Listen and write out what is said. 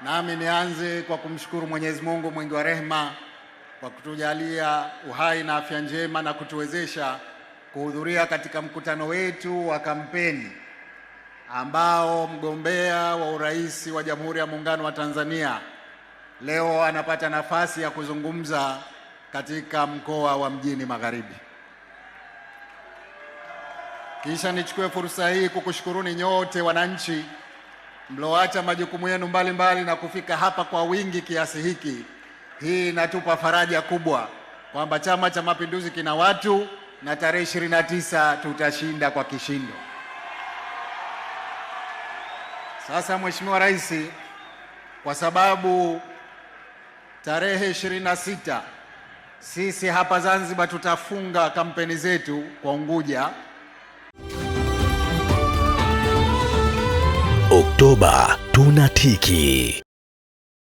Nami nianze kwa kumshukuru Mwenyezi Mungu mwingi wa rehema kwa kutujalia uhai na afya njema na kutuwezesha kuhudhuria katika mkutano wetu wa kampeni ambao mgombea wa urais wa Jamhuri ya Muungano wa Tanzania leo anapata nafasi ya kuzungumza katika mkoa wa Mjini Magharibi. Kisha nichukue fursa hii kukushukuruni nyote wananchi mlioacha majukumu yenu mbalimbali na kufika hapa kwa wingi kiasi hiki. Hii inatupa faraja kubwa kwamba Chama cha Mapinduzi kina watu na tarehe 29 tutashinda kwa kishindo. Sasa Mheshimiwa Rais, kwa sababu tarehe 26 sisi hapa Zanzibar tutafunga kampeni zetu kwa Unguja Oktoba tunatiki.